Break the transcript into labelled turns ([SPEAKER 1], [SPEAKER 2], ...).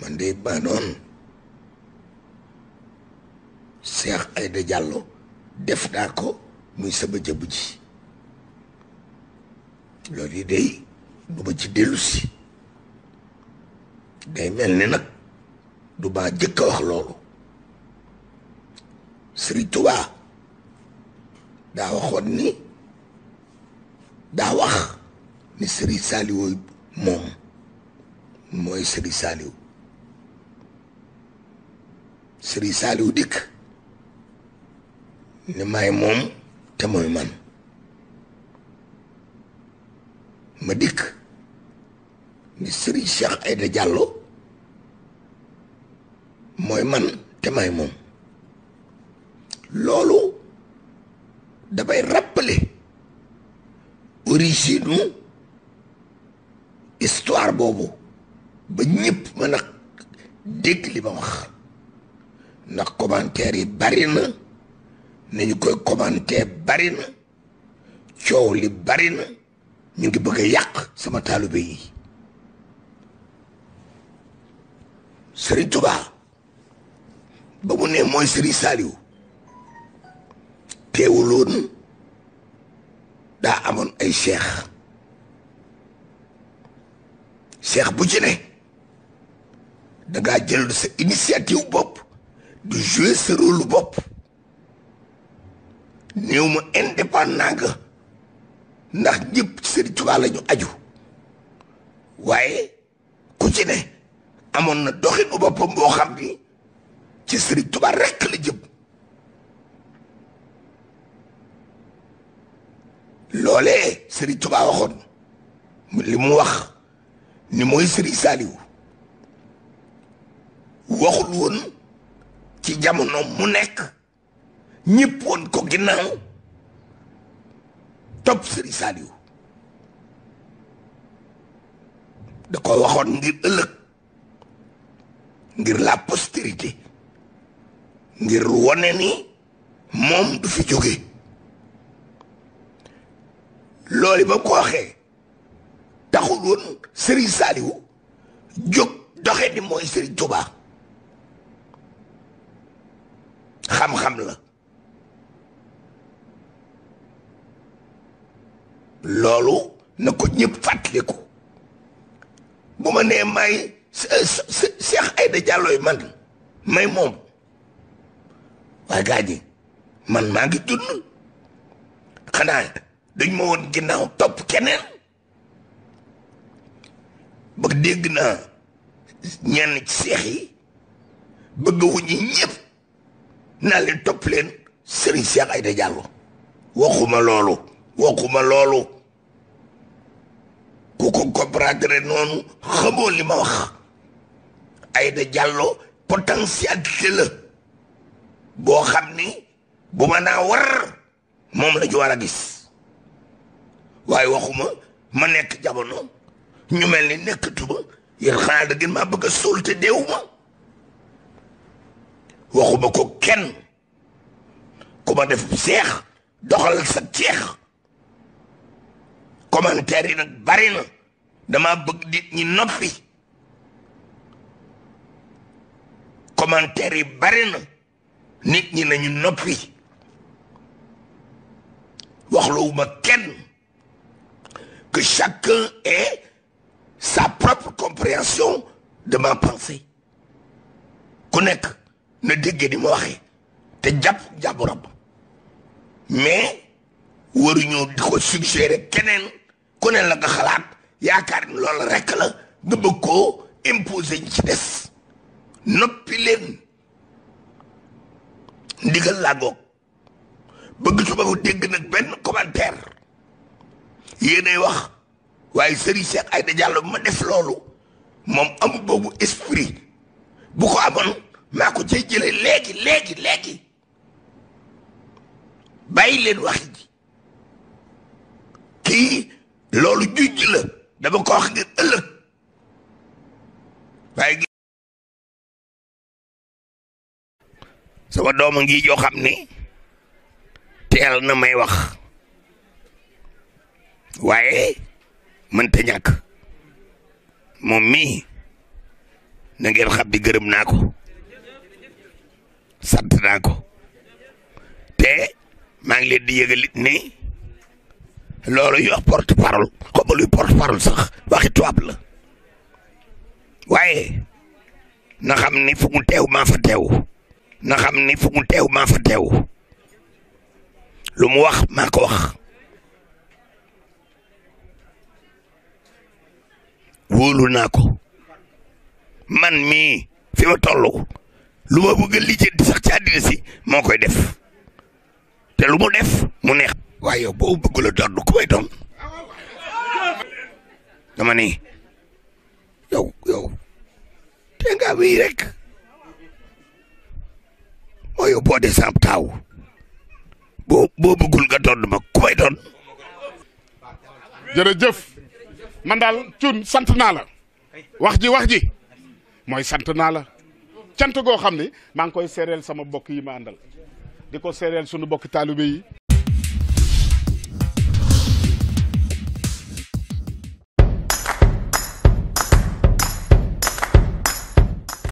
[SPEAKER 1] man de maa doon Cheikh Aïda Diallo def naa ko muy sama jëmm ji loolu yi day bu ma ci dellu day mel ni nag du maa jëkk a wax loolu Sëriñ Tuubaa daa waxoon ni daa wax ni Sëriñ Saaliw moom mooy Sëriñ Saaliw Serigne Saliou dikk ni may moom te mooy man ma dikk ni Serigne Cheikh Aïda Diallo mooy man te may moom loolu dafay rappeler origine mu boobu ba ñëpp mën a dégg li ma wax ndax commentaire yi bari na ni ñu koy commenter bari na coow li bari na ñu ngi bëgg a yàq sama taalibe yi Serigne Touba ba mu ne mooy Serigne Saliou teewuloon daa amoon ay cheikh cheikh bu ci ne da ngaa jël sa initiative bopp du jouer sa bopp néew ma indépendant nga ndax ñëpp ci tubaa Tuubaa la ñu aju waaye ku ci ne amoon na doxinu boppam boo xam ni ci Sëriñ tubaa rekk la jëm loolee Sëriñ Tuubaa waxoon li mu wax ni mooy Sëriñ Saaliw waxul woon ci jamono mu nekk ñëpp woon ko ginnaaw topp Serigne Saliou da ko waxoon ngir ëllëg ngir la postérité ngir wone ni moom du fi jóge loolu ba ko waxee taxul woon Serigne Saliou jóg doxe di mooy Serigne Touba xam-xam la loolu na ko ñëpp fàttaliku bu ma nee may Cheikh Aïda Diallo yi man may moom waaye gaa ñi man maa ngi dund xanaa dañ ma woon ginnaaw topp keneen ba dégg naa ñenn ci seex yi bëgg naa leen topp leen Serigne Cheikh Aïda Diallo waxuma loolu waxuma loolu ku ko comprendre noonu xamoo li ma wax Aïda Diallo potentialité la boo xam ni bu ma naa war moom la ci a gis waaye waxuma ma nekk jamono ñu mel ni nekkatuma yéen xanaa da ngeen maa bëgg a suul te deewuma waxuma ko kenn ku ma def seex doxal sa ceex commentaire yi nag bari na dama bëgg nit ñi noppi commentaire yi bari na nit ñi nañu noppi waxluwuma kenn que chacun ait sa propre compréhension de ma ku nekk na dégg ni ma waxe te jàpp jàpp rab mais waruñoo di ko suggérer keneen ku ne la nga xalaat yaakaar ni loolu rekk la nga bëgg koo imposer ñi ci des noppi leen ndigal laagoog bëgg su ma ko dégg nag benn commentaire yéenay wax waaye Serigne Cheikh Aïda Diallo ma def loolu moom amu boobu esprit bu ko amoon maa ci cay jële léegi léegi léegi bàyyi leen wax ji loolu juj la dama ko wax ngir ëllëg waaye sama dooma ngi joo xam ni teel na may wax waaye mënta ñàkk moom mii na ngeen xam bi gërëm naa ko sant naa ko te maa ngi leen di yëgalit ni loolu yox porte parole xoma luy porte parole sax waxi tubaab la waaye na xam ni fu mu teew maa fa teew na ni fu mu teew maa fa teew lu mu wax maa ko wax wóolu naa ko man mii fi ma toll lu ma bëgg a lijjanti sax ci si moo koy def te lu mu def mu neex. waaye yow boo bëggul a doon ku may doon dama ni yow yow te nga wii rek moo yow boo dee sam taaw boo boo bëggul nga doon ma ku may doon. jërëjëf man daal Thioune sant naa la wax ji wax ji mooy sant naa la. cant goo xam ne maa ngi koy seereel sama bokk yi ma àndal di ko seereel sunu bokki taalibe yi